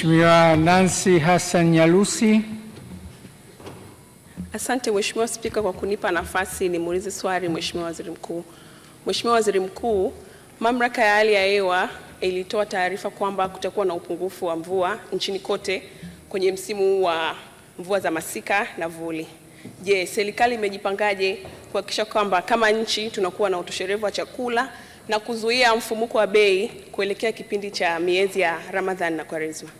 Mheshimiwa Nancy Hassan Nyalusi. Asante Mheshimiwa Spika kwa kunipa nafasi nimuulize swali Mheshimiwa Waziri Mkuu. Mheshimiwa Waziri Mkuu, Mamlaka ya Hali ya Hewa ilitoa taarifa kwamba kutakuwa na upungufu wa mvua nchini kote kwenye msimu wa mvua za masika na vuli. Je, serikali imejipangaje kuhakikisha kwamba kama nchi tunakuwa na utoshelevu wa chakula na kuzuia mfumuko wa bei kuelekea kipindi cha miezi ya ramadhani na Kwaresma?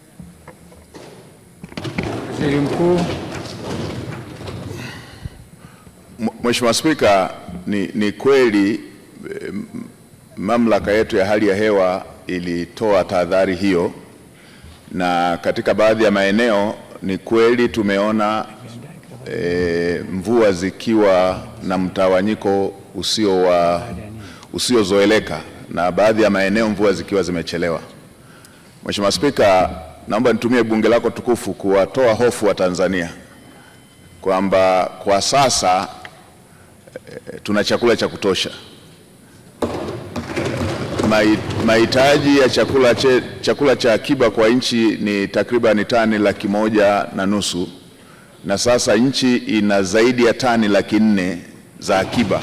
Waziri Mkuu. Mheshimiwa Spika, ni, ni kweli eh, mamlaka yetu ya hali ya hewa ilitoa tahadhari hiyo, na katika baadhi ya maeneo ni kweli tumeona e, mvua zikiwa na mtawanyiko usio wa usiozoeleka na baadhi ya maeneo mvua zikiwa zimechelewa. Mheshimiwa Spika, naomba nitumie bunge lako tukufu kuwatoa hofu wa Tanzania kwamba kwa sasa e, tuna chakula cha kutosha. Mahitaji ya chakula, che, chakula cha akiba kwa nchi ni takriban tani laki moja na nusu na sasa nchi ina zaidi ya tani laki nne za akiba.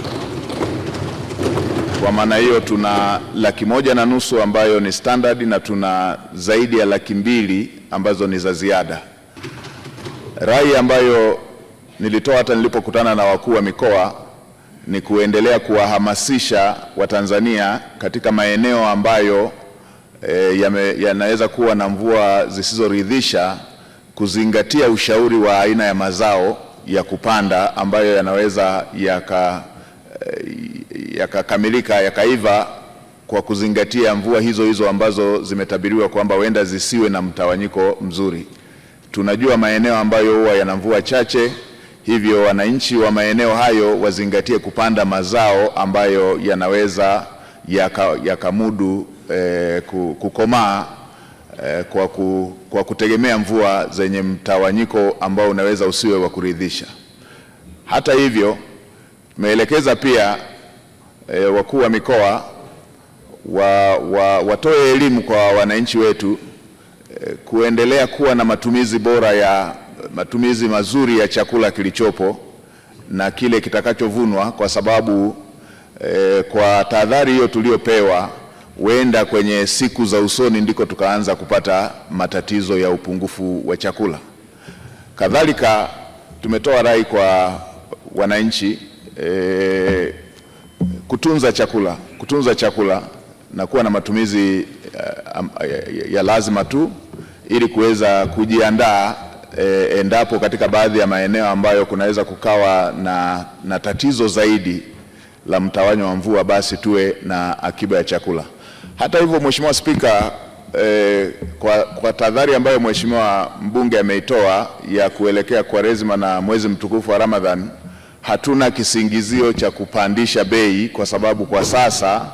Kwa maana hiyo tuna laki moja na nusu ambayo ni standard na tuna zaidi ya laki mbili ambazo ni za ziada. Rai ambayo nilitoa hata nilipokutana na wakuu wa mikoa ni kuendelea kuwahamasisha Watanzania katika maeneo ambayo e, yanaweza ya kuwa na mvua zisizoridhisha kuzingatia ushauri wa aina ya mazao ya kupanda ambayo yanaweza yaka e, yakakamilika yakaiva kwa kuzingatia mvua hizo hizo ambazo zimetabiriwa kwamba huenda zisiwe na mtawanyiko mzuri. Tunajua maeneo ambayo huwa yana mvua chache, hivyo wananchi wa maeneo hayo wazingatie kupanda mazao ambayo yanaweza yakamudu yaka eh, kukomaa eh, kwa, ku, kwa kutegemea mvua zenye mtawanyiko ambao unaweza usiwe wa kuridhisha. Hata hivyo tumeelekeza pia e, wakuu wa mikoa wa, wa, watoe elimu kwa wananchi wetu e, kuendelea kuwa na matumizi bora ya matumizi mazuri ya chakula kilichopo na kile kitakachovunwa kwa sababu e, kwa tahadhari hiyo tuliyopewa huenda kwenye siku za usoni ndiko tukaanza kupata matatizo ya upungufu wa chakula. Kadhalika tumetoa rai kwa wananchi e, kutunza chakula, kutunza chakula na kuwa na matumizi eh, ya lazima tu ili kuweza kujiandaa e, endapo katika baadhi ya maeneo ambayo kunaweza kukawa na, na tatizo zaidi la mtawanyo wa mvua, basi tuwe na akiba ya chakula. Hata hivyo, Mheshimiwa Spika, e, kwa, kwa tahadhari ambayo Mheshimiwa mbunge ameitoa ya kuelekea Kwaresima na mwezi mtukufu wa Ramadhan hatuna kisingizio cha kupandisha bei, kwa sababu kwa sasa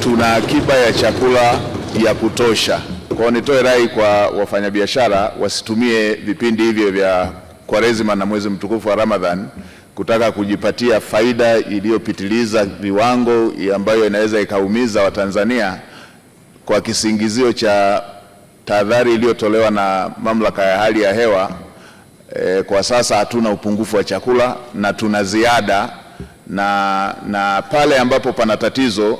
tuna akiba ya chakula ya kutosha. Kwao nitoe rai kwa wafanyabiashara wasitumie vipindi hivyo vya Kwaresima na mwezi mtukufu wa Ramadhan kutaka kujipatia faida iliyopitiliza viwango ambayo inaweza ikaumiza Watanzania kwa kisingizio cha tahadhari iliyotolewa na mamlaka ya hali ya hewa E, kwa sasa hatuna upungufu wa chakula na tuna ziada na, na pale ambapo pana tatizo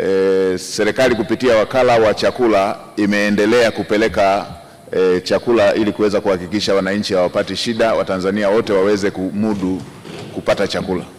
e, serikali kupitia wakala wa chakula imeendelea kupeleka e, chakula ili kuweza kuhakikisha wananchi hawapati shida, Watanzania wote waweze kumudu kupata chakula.